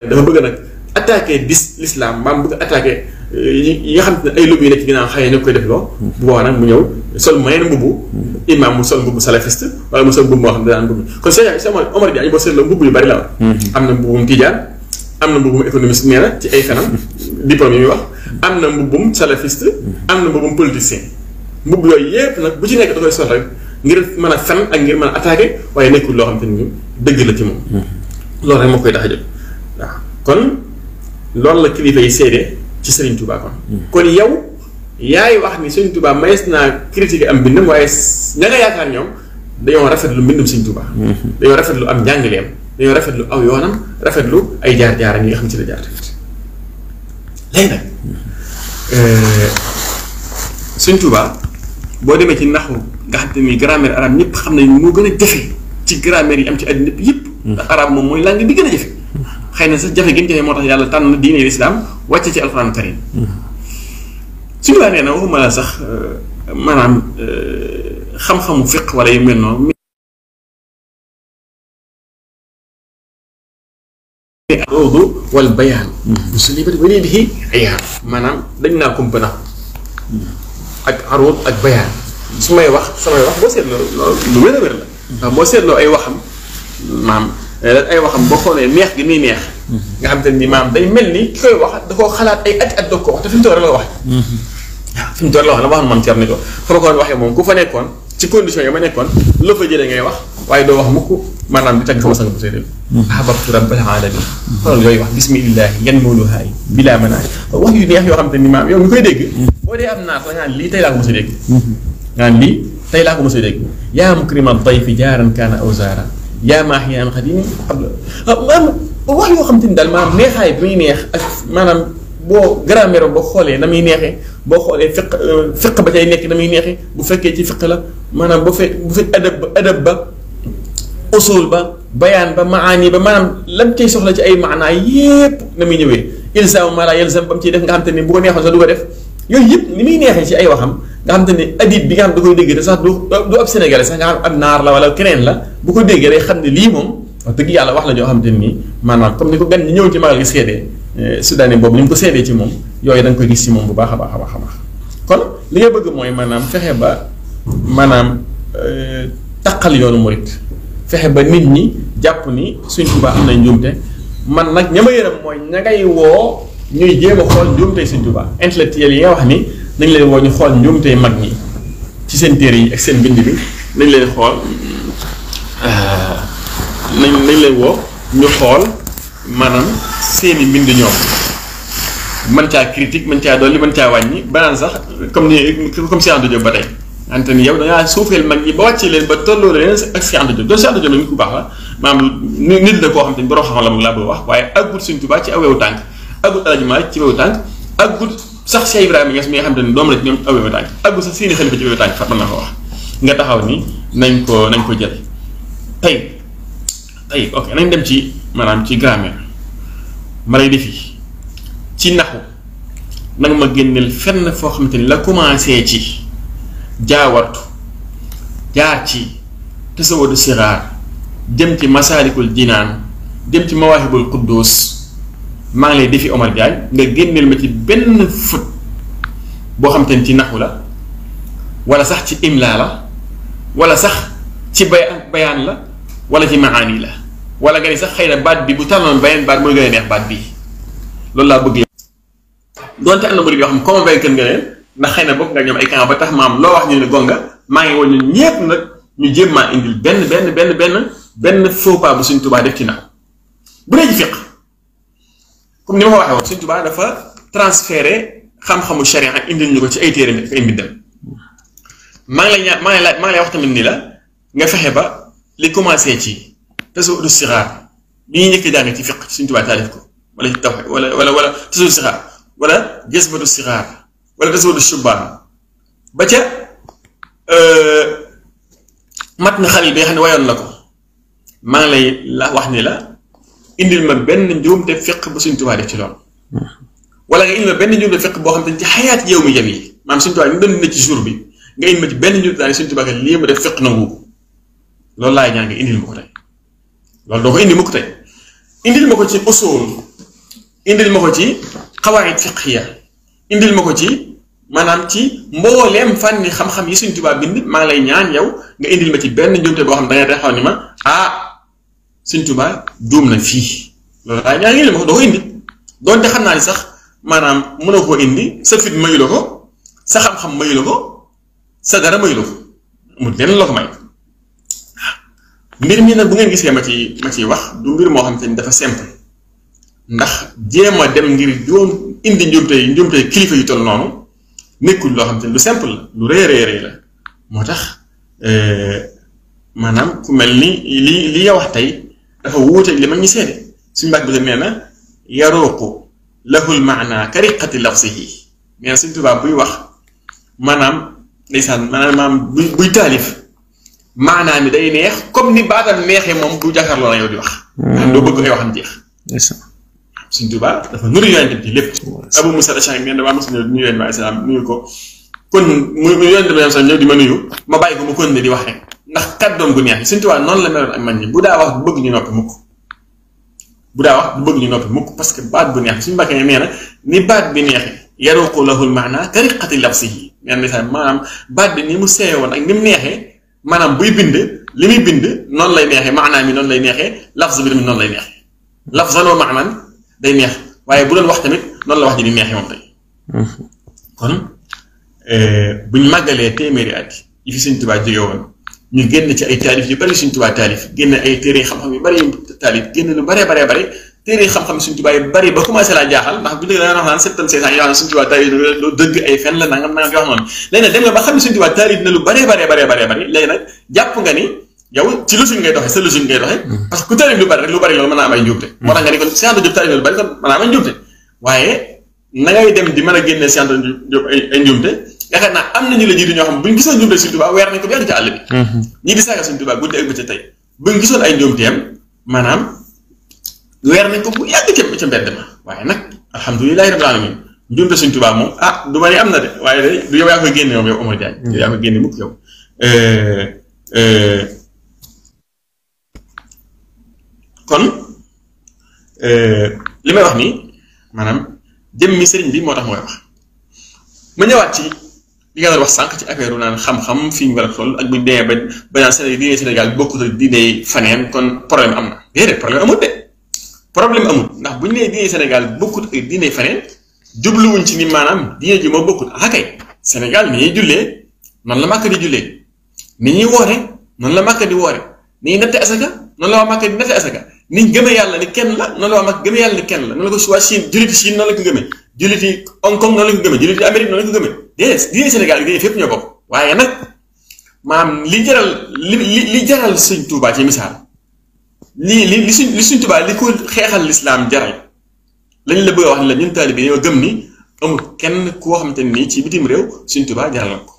dafa bëgg nag attaqué dis lislaam maam bëgg attaqué euh, yi nga xam ne ay lobby yi nekk ci ginnaaw xëy na koy def loo bu boobaa nag mu ñëw sol moyen mbubu imam mu sol mbubu salafiste wala mu sol mbubu moo xam ne danaan mbubu kon Cheikh Cheikh Omar Diagne boo seetloo mbubu yu mhm. am na mbubum tijaan am na mbubum économiste nee na ci ay kanam diplôme yi muy wax am na mbubum salafiste mhm. am na mbubum politicien mbubu yooyu yépp nag bu ci nekk da koy sol rek ngir mën a fen ak ngir mën a attaqué waaye nekkul loo xam te ni dëgg la ci moom mhm. loolu rek moo koy tax a jóg waaw kon loolu la kilifa yi seede ci Serigne Touba kon. Hmm. kon yow yaay wax ni Serigne Touba mayees naa critiquer am bindam waaye ña nga yaakaar ñoom dañoo rafetlu mbindum Serigne Touba. Hmm. dañoo rafetlu am njàngaleem dañoo rafetlu aw yoonam rafetlu ay jaar-jaaram yi nga xam ci la jaar tamit léegi euh, boo demee ci naxu nga xam te ni grammaire arabe ñëpp xam nañu moo gën a jafe ci grammaire yi am ci àddina yëpp. Hmm. ndax arabe moom mooy langue bi gën a jafe. xeyna sax jafe giñ jafe motax yalla tan diine l'islam wacce ci alquran karim ci la neena wu mala sax euh, manam euh, xam xamu fiqh wala yu melno الوضوء والبيان مسلمي بري بري دي هي عيار مانام دنجنا كوم بنا اك اروض اك بيان سماي واخ سماي واخ بو سيت لو لو وير وير لا بو سيت لو اي واخم مام ay waxam boo xoolee neex gi nii neex. nga xam te ni maam day mel ni ki koy wax da koo xalaat ay at at doog ko wax te fi mu la wax. waaw fi mu toll la wax la waxoon man Thierno ko fa ma ko waxee moom ku fa nekkoon ci condition yi ma nekkoon loo fa jëlee ngay wax waaye doo wax ma maanaam di teg sama sang bu see dem. ahbabtu rabbal alamin. xoolal yooyu wax bismillah yan moolu haay bilaa manaay wax yu neex yoo xam te ni maam yow mi koy dégg. boo dee am naa fa nga lii laa ko mos a dégg. nga lii tey laa ko mos a aw zaara يا ما هي أنا خديني قبل ما واحد يوم خمتين دل ما نيها يبني نيها ما أنا بو غرامير بخوله نمي نيها بخوله فق فق بتاعي نيك نمي نيها بفك كذي فق لا ما أنا بف بف أدب أدب أصول با بيان با معاني با مانام لم تي سوخلا اي معنى ييب نمي نيوي يلزم ما لا يلزم بام تي ديف غام تاني بو نيهو سا دو ديف يوي ييب نمي نيهي سي اي وخم nga xam te ne adib bi nga xam da koy dégg te sax du du ab sénégalais sax nga xam naar la wala keneen la bu ko déggee day xam ne lii moom wax dëgg yàlla wax la joo xam te nii maanaam comme ni ko gan ñi ñëw ci magal gi seedee eh, sudaani ko seedee ci moom yooyu da nga koy gis ci moom bu baax a baax a baax a baax kon li nga bëgg mooy maanaam fexe ba maanaam eh, taqal yoonu murit fexe ba nit ñi jàpp ni suñ Tuubaa am na njuumte man nag ña ma yërëm mooy ña ngay woo ñuy jéem a xool njuumtey suñ Tuubaa intellectuel yi nga wax ni nañ leen woo ñu xool njuumtey mag ñi ci seen téere yi ak seen bind bi nañ leen xool euh, nañ nañ leen woo ñu xool maanaam seeni mbind ñoom mën caa critique mën caa dolli mën caa wàññi banaan sax comme ni comme si ànd jóg ba tey ante ni yow dangaa ñi ba wàccee leen ba tolloo leen ak si ànd jóg doon nit ku baax la maanaam nit la koo xam te ni xam-xam la mu laa bëgg wax waaye aggut Sëñ Tuubaa ci awewu tànk aggut Alaaji Maalik ci awewu tànk aggut sax Cheikh Ibrahima Niass mi nga xam te ne doom la ci ñoom aw wewu tànk àggu sax seeni xalifa ci wewu tànk fat mën na nga taxaw ni nañ ko nañ ko jël tey tey ok nañ dem ci maanaam ci grammaire ma lay defi ci naxu nanga ma génneel fenn foo xamante ni la commencé ci jaawartu jaar ci te tasawadu siraar jëm ci masaalikul jinaan jëm ci mawaahibul quddus maa lay défi Omar gay nga gennel ma ci benn fët boo xam ci naxu la wala sax ci imla la wala sax ci bay bayan la wala ci maani la wala nga ni sax xëy na baat bi bu tànnoon beneen baat mooy gën a neex baat bi loolu laa bëgg doonte am na murid yoo xam ne convaincre nga leen ndax xëy na bokk nga ñoom ay kan ba tax maam loo wax ñu ne gonga maa ngi woon ñun ñépp nag ñu jéem maa indil benn benn benn benn benn faux pas bu suñ Tuubaa def ci naxu bu ne ci fiq comme nima waxe won waxee touba dafa transférer xam xam-xamu sharia indil ñu ko ci ay téré mi ay mbiddam ma ngi lay ma ngi lay maa ngi lay wax tamit ni la nga fexe ba li commencé ci tasu du sixaar bi ñuy njëkk jàng ci fiq Sëñ touba taalif ko wala ci taw wala wala wala tasu du sixaar wala du sixaar wala tasu du shubbaan ba ca euh mat na xalil bi nga xam ne wayoon ko ma ngi lay wax ni la. indil ma benn njuumte fiq bu Sëñ Tuubaa def ci loolu wala nga indil ma benn njuumte fiq boo xam te ci xayaat yow mi jëm yi maanaam Sëñ Tuubaa ñu ma ci benn njuumte daal Sëñ Tuubaa kat lii mu def fiq na wuubu loolu laay ñaan nga indil ma ko tey loolu doo ko indi ma ko tey indil ma ko ci usul indil ma ko ci xawaa xawaayit fiqiya indil ma ko ci maanaam ci mbooleem fànni xam-xam yi Sëñ Tuubaa bind maa lay ñaan yow nga indil ma ci benn njuumte boo xam da nga taxaw ni ma ah sëñ Tuba na fii loolu daal ñaari ngeen ma ko doo ko indi doonte xam naa ni sax maanaam mënoo koo indi sa fit mayu la ko sa xam-xam mayu la ko sa dara mayu ko mu lenn la ko may mbir mi nag bu ngeen gisee ma ci ma ciy wax du mbir moo xam te ni dafa simple ndax jéem a dem ngir doon indi njuumte yi njuumte kilifa yu toll noonu nekkul loo xam te lu simple la lu rëy rëy rëy la moo tax euh, maanaam ku mel ni li li nga wax tey dafa wuuteeg li mag ñi seede suñu mbàgg bi la nee na yaruuqu lahul maana kariqati lafsihi nee na suñ tubaab buy wax maanaam ndeysaan maanaam buy buy taalif maanaam mi day neex comme ni baatam neexee moom bu jàkkaarloo la yow di wax. maanaam bëgg ay waxam jeex. ndeysaan suñ dafa nuru yonent bi lépp. abu musa al-ashari ngeen damaa mos a ñëw nuyu leen waa islam nuyu ko kon mu yonent bi ñëw di ma nuyu ma bàyyi ko mu kon ne di wax rek. ndax kàddoom gu neex sëñ Tuubaa noonu la meloon ak man ñi bu daa wax du bëgg ñu noppi mukk bu daa wax du bëgg ñu noppi mukk parce que baat bu neex suñu mbàkkee nee na ni baat bi neexee yaruqu lahul maana kariqati labsihi yi na sax maanaam baat bi ni mu seeye woon ak ni mu neexee maanaam buy bind li muy bind noonu lay neexee maanaam mi noonu lay neexee lafz bi tamit noonu lay neexee lafzan wa maanaam day neex waaye bu doon wax tamit noonu la wax ji di neexee moom tey kon buñ màggalee téeméeri at yi fi sëñ tubaab jógee woon ñu génn ci ay taalif yu bari suñ tubaa taalif génn ay téere xam-xam yu bari yu taalif génn lu bare bare bare téere xam-xam suñ tubaa yu bari ba commencé laa jaaxal ndax bu dëgg la nga naan septan seetaan yoo xam ne suñ tubaa taalif lu dëgg ay fen la nangam nangam yoo xam noonu léegi nag dem nga ba xam ne suñ tubaa taalif na lu bare bare bare bare bari léegi nag jàpp nga ni yow ci lu logique ngay doxee sa lu logique ngay doxee parce que ku taalif lu bari rek lu bari loolu mën naa am ay njuumte moo tax nga ni kon si ànd jub taalif lu bari kon mën naa am ay njuumte waaye na ngay dem di mën a génne si ay njuumte yaakaar naa am nañu la jiitu ñoo xam bu ñu gisoon jumte Sëñ Tuubaa weer nañ ko bu yàgg ci àll bi mhm. ñi di saaga Sëñ Tuubaa guddi ak ca tey bu ñu gisoon ay njuumteem maanaam weer nañ ko bu yàgg ca ca mbedd ma waaye nag alhamdulilahi rabbil alamin njuumte Sëñ Tuubaa moom ah du ne am na de waaye de du yow yaa koy génne yow mhm. mukk yow euh, euh, kon euh, li may wax nii maanaam jëmmi sëriñ bi moo tax mooy wax ma ñëwaat ci li nga doon wax sànq ci affaire naan xam-xam fi ñu war a toll ak bu dee ba ba naan Sénégal diine Sénégal bokkut ak diine faneen kon problème am na déedéet problème amul de problème amul ndax bu ñu nee diine Sénégal bokkut ak diine faneen jubluwuñ ci ni maanaam diine ji moo bokkut ah kay Sénégal ni ñuy jullee noonu la màkk di jullee ni ñuy woore noonu la màkk di woore ni ñuy natte asaka noonu la waa màkk di natte asaka ni gëmee yàlla ni kenn la noonu la waa màkk gëmee yàlla ni kenn la noonu la ko waa Chine jullit Chine noonu la ko gëmee jullit yi Hong Kong noonu lañ ko gëmee jullit yi Amérique noonu lañ ko gëmee déedéet diine Sénégal diine fépp ñoo bokk waaye nag maam li jaral li li jaral suñ Tuubaa ci misaal lii li li suñ li Tuubaa ko xeexal lislaam jaral lañ la bëgg wax ne la ñun ñoo gëm ni amul kenn koo xamante nii ci bitim réew sëñ Tuubaa jaral na ko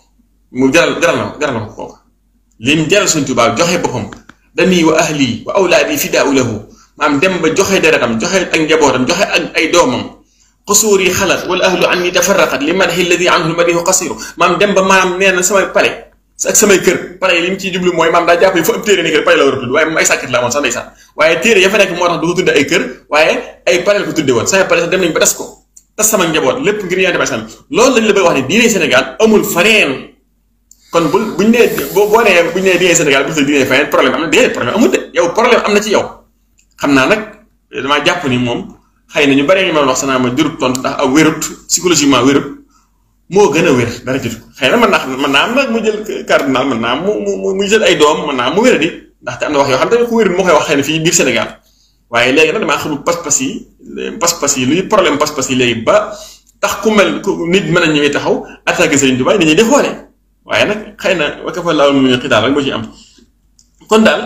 mu jaral jaral na ko lim jaral sëñ Tuubaa joxe boppam dami wa ahli wa awlaadi fidaau lahu maam dem ba joxe deretam joxe ak njabootam joxe ak ay doomam قصوري خلت والاهل عني تفرقت لمدح الذي عنه المديح قصير mandem دم با مام نينا سما بالي ak samay kër pare lim ci jublu mooy maam daa jàpp fa ëpp téere ne kër pare la war a tudd waaye la woon sax ndeysaan waaye téere ya fa nekk moo tax du ko ay kër ay pare la tudde pare dem nañ ba tas ko tas sama njaboot lépp ngir yonte basan loolu lañ la wax Sénégal amul fareen kon bul buñ nee boo boo nee buñ nee diine Sénégal bu tudd diine fareen problème am na déedéet problème amul de yow problème ci yow ni xëy na ñu bari ñu mën wax sanaa ma jërut tontu ndax aw wérut psychologiquement wérut moo gën a wér dara jëtu ko xëy na mën naa mën naa am nag mu jël cardinal naa mu mu mu jël ay doom mën naa mu wér di ndaxte am na wax yoo xam tamit ku wérut moo koy wax xëy na fii biir Sénégal waaye léegi nag damaa xamul pas-pas yi pas-pas yi luy problème pas-pas yi léegi ba tax ku mel ku nit mën a ñëwee taxaw attaqué Serigne Touba nit ñi def waale waaye nag xëy na wakka fa laaw mu ñu moo ci am kon daal